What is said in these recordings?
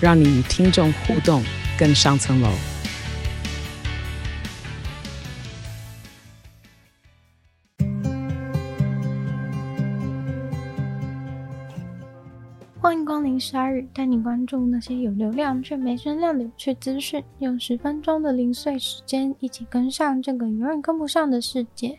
讓你與聽眾互動更上層樓。歡迎光臨鯊語，帶你關注那些有流量卻沒聲量的有趣資訊，用十分鐘的零碎時間，一起跟上這個永遠跟不上的世界。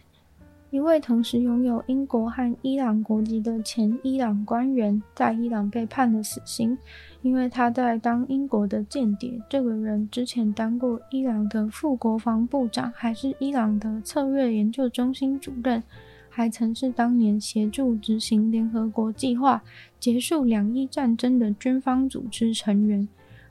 一位同時擁有英國和伊朗國籍的前伊朗官員在伊朗被判了死刑，因為他在當英國的間諜。這個人之前當過伊朗的副國防部長，還是伊朗的策略研究中心主任，還曾是當年協助執行聯合國計劃結束兩伊戰爭的軍方組織成員。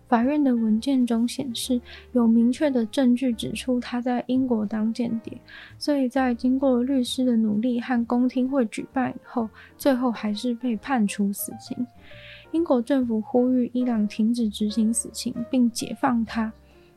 法院的文件中顯示，有明確的證據指出他在英國當間諜，所以在經過律師的努力和公聽會舉辦以後，最後還是被判處死刑。英國政府呼籲伊朗停止執行死刑，並解放他。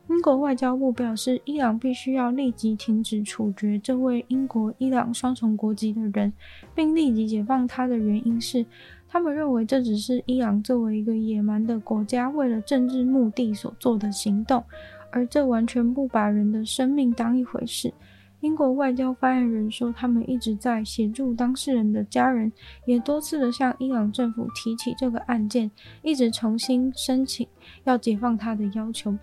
英國外交部表示，伊朗必須要立即停止處決這位英國伊朗雙重國籍的人，並立即解放他的原因是，他們認為這只是伊朗作為一個野蠻的國家，為了政治目的所做的行動，而這完全不把人的生命當一回事。英國外交發言人說，他們一直在協助當事人的家人，也多次的向伊朗政府提起這個案件，一直重新申請要解放他的要求。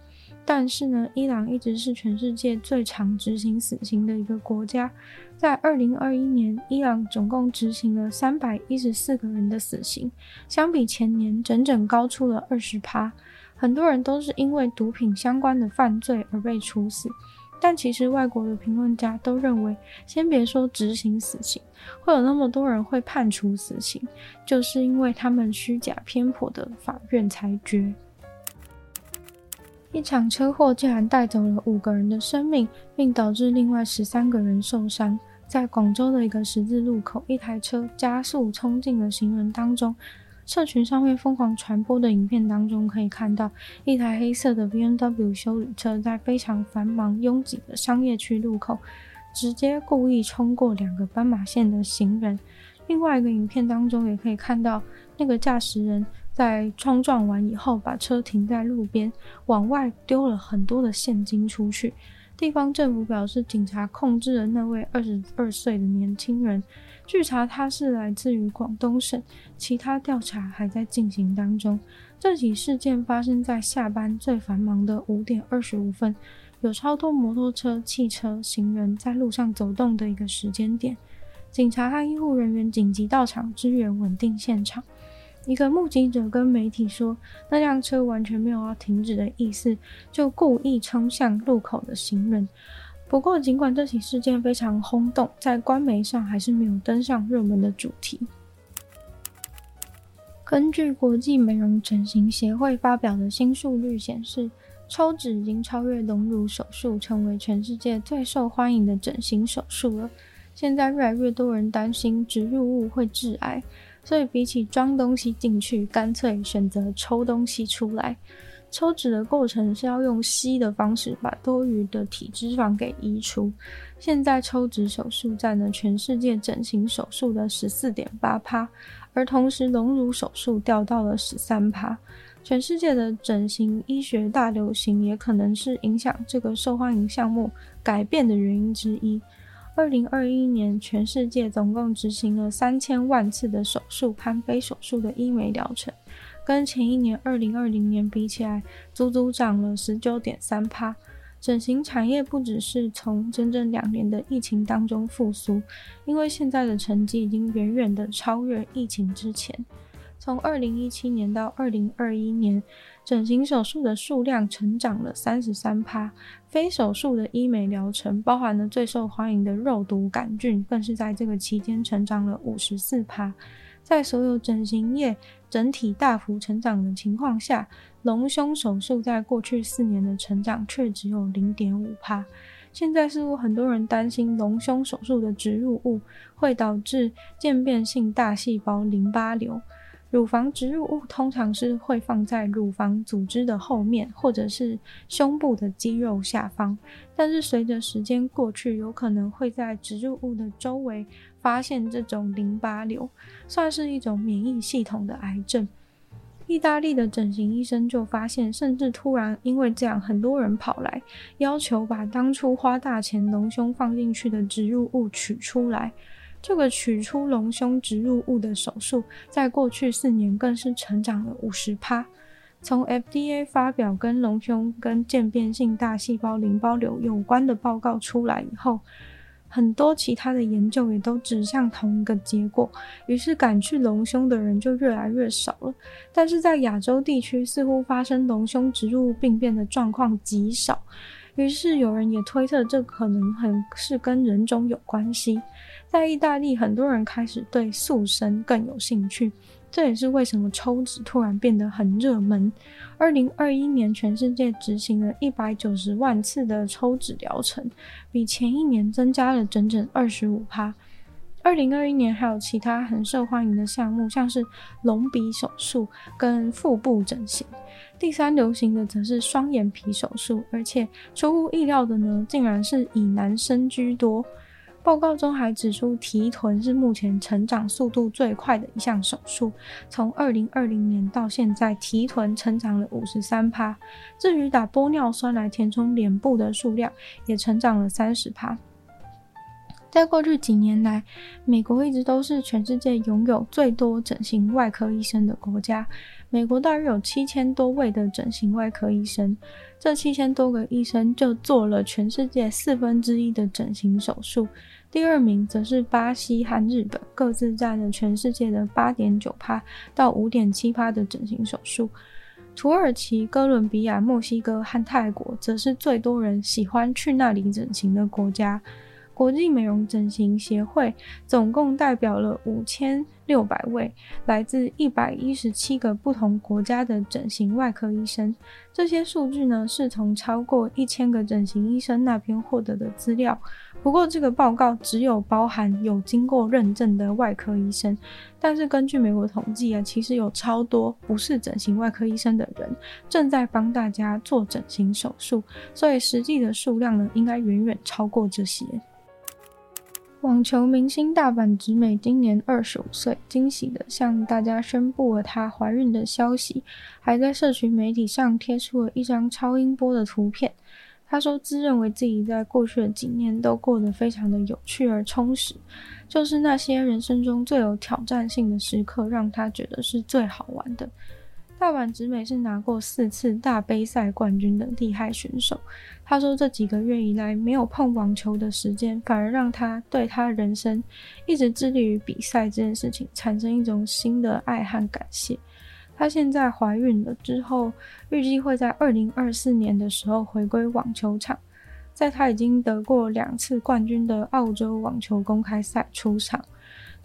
但是呢，伊朗一直是全世界最常執行死刑的一個國家。在二零二一年，伊朗總共執行了三百一十四個人的死刑，相比前年整整高出了二十趴。很多人都是因為毒品相關的犯罪而被處死。但其實，外國的評論家都認為，先別說執行死刑，會有那麼多人會判處死刑，就是因為他們虛假偏頗的法院裁決。一場車禍竟然帶走了五個人的生命，並導致另外十三個人受傷。在廣州的一個十字路口，一台車加速衝進了行人當中。社群上面瘋狂傳播的影片當中可以看到，一台黑色的 BMW 休旅車在非常繁忙擁擠的商業區路口，直接故意衝過兩個斑馬線的行人。另外一個影片當中也可以看到，那個駕駛人，在衝撞完以後，把車停在路邊，往外丟了很多的現金出去。地方政府表示，警察控制了那位二十二歲的年輕人。據查，他是來自於廣東省。其他調查還在進行當中。這起事件發生在下班最繁忙的五點二十五分，有超多摩托車、汽車、行人在路上走動的一個時間點。警察和醫護人員緊急到場支援，穩定現場。一個目擊者跟媒體說，那輛車完全沒有要停止的意思，就故意衝向路口的行人。不過，儘管這起事件非常轟動，在官媒上還是沒有登上熱門的主題。根據國際美容整形協會發表的新數據顯示，抽脂已經超越隆乳手術，成為全世界最受歡迎的整形手術了。現在，越來越多人擔心植入物會致癌。所以，比起裝東西進去，乾脆選擇抽東西出來。抽脂的過程是要用吸的方式把多餘的體脂肪給移除。現在，抽脂手術佔了全世界整形手術的十四點八趴，而同時隆乳手術掉到了十三趴。全世界的整形醫學大流行也可能是影響這個受歡迎項目改變的原因之一。二零二一年，全世界總共執行了三千萬次的手術，攀非手術的醫美療程，跟前一年二零二零年比起來，足足漲了十九點三趴。整形產業不只是從整整兩年的疫情當中復甦，因為現在的成績已經遠遠的超越疫情之前。從二零一七年到二零二一年，整形手術的數量成長了三十三趴。非手術的醫美療程包含了最受歡迎的肉毒桿菌，更是在這個期間成長了五十四趴。在所有整形業整體大幅成長的情況下，隆胸手術在過去四年的成長卻只有零點五趴。現在似乎很多人擔心隆胸手術的植入物會導致漸變性大細胞淋巴瘤。乳房植入物通常是會放在乳房組織的後面，或者是胸部的肌肉下方。但是隨着時間過去，有可能會在植入物的周圍發現這種淋巴瘤，算是一種免疫系統的癌症。意大利的整形醫生就發現，甚至突然因為這樣，很多人跑來要求把當初花大錢隆胸放進去的植入物取出來。這個取出隆胸植入物的手術，在過去四年更是成長了五十趴。從 FDA 發表跟隆胸跟間變性大細胞淋巴瘤有關的報告出來以後，很多其他的研究也都指向同一個結果，於是敢去隆胸的人就越來越少了。但是在亞洲地區，似乎發生隆胸植入物病變的狀況極少。於是有人也推測，這可能很是跟人種有關係。在意大利，很多人開始對塑身更有興趣，這也是為什麼抽脂突然變得很熱門。二零二一年，全世界執行了一百九十萬次的抽脂療程，比前一年增加了整整二十五趴。二零二一年還有其他很受歡迎的項目，像是隆鼻手術跟腹部整形。第三流行的則是雙眼皮手術，而且出乎意料的呢，竟然是以男生居多。報告中還指出，提臀是目前成長速度最快的一項手術，從二零二零年到現在，提臀成長了五十三趴。至於打玻尿酸來填充臉部的數量，也成長了三十趴。在過去幾年來，美國一直都是全世界擁有最多整形外科醫生的國家。美國大約有七千多位的整形外科醫生，這七千多個醫生就做了全世界四分之一的整形手術。第二名則是巴西和日本，各自占了全世界的八點九趴到五點七趴的整形手術。土耳其、哥倫比亞、墨西哥和泰國則是最多人喜歡去那裡整形的國家。國際美容整形協會總共代表了五千六百位來自一百一十七個不同國家的整形外科醫生。這些數據呢，是從超過一千個整形醫生那邊獲得的資料。不過，這個報告只有包含有經過認證的外科醫生。但是，根據美國統計啊，其實有超多不是整形外科醫生的人正在幫大家做整形手術，所以實際的數量呢，應該遠遠超過這些。網球明星大阪直美今年二十五歲，驚喜地向大家宣布了她懷孕的消息，還在社群媒體上貼出了一張超音波的圖片。她說，自認為自己在過去的幾年都過得非常的有趣而充實，就是那些人生中最有挑戰性的時刻，讓她覺得是最好玩的。大坂直美是拿過四次大杯賽冠軍的厲害選手。她說，這幾個月以來沒有碰網球的時間，反而讓她對她人生一直致力於比賽這件事情產生一種新的愛和感謝。她現在懷孕了之後，預計會在二零二四年的時候回歸網球場，在她已經得過兩次冠軍的澳洲網球公開賽出場。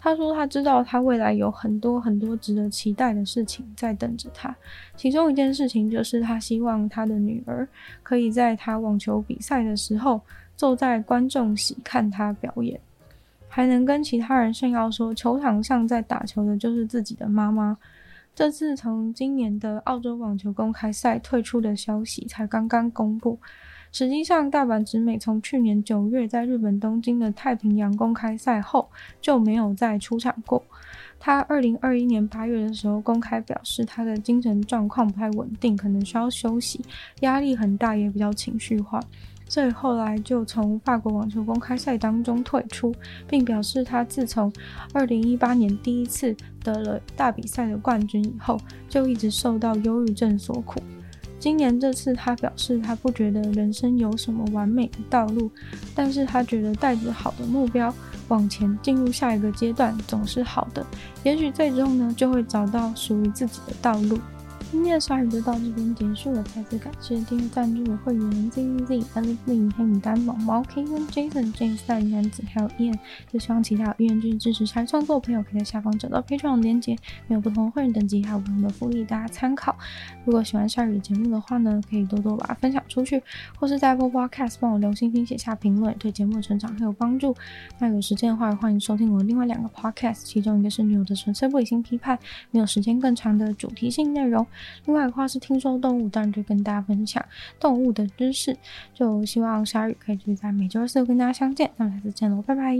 他說：“他知道他未來有很多很多值得期待的事情在等着他，其中一件事情就是他希望他的女兒可以在他網球比賽的時候坐在觀眾席看他表演，還能跟其他人炫耀說球場上在打球的就是自己的媽媽。”這次從今年的澳洲網球公開賽退出的消息才剛剛公布。實際上，大坂直美從去年九月在日本東京的太平洋公開賽後就沒有再出場過。他二零二一年八月的時候公開表示，他的精神狀況不太穩定，可能需要休息，壓力很大，也比較情緒化。所以後來就從法國網球公開賽當中退出，並表示他自從二零一八年第一次得了大比賽的冠軍以後，就一直受到憂鬱症所苦。今年這次，他表示他不覺得人生有什麼完美的道路，但是他覺得帶着好的目標往前進入下一個階段總是好的，也許在之後呢，就會找到屬於自己的道路。今天的鯊語就到這邊結束了，再次感謝訂閱贊助的會員 Z Z、Alex Lee、Henry、擔保、毛 K 和 Jason、James、楊子、Hellian。也希望其他有意願繼續支持鯊創作的朋友，可以在下方找到 Patreon 的連結，沒有不同的會員等級還有不同的福利，大家參考。如果喜歡鯊語的節目的話呢，可以多多把它分享出去，或是在播 Podcast 幫我留星星，寫下評論，對節目的成長很有幫助。那有時間的話，歡迎收聽我的另外兩個 Podcast，其中一個是《女友的純粹不理性批判》，沒有時間更長的主題性內容。另外的話是聽說動物，當然就跟大家分享動物的知識。就希望鯊魚可以繼續在每周四跟大家相見。那麼下次見嘍，拜拜。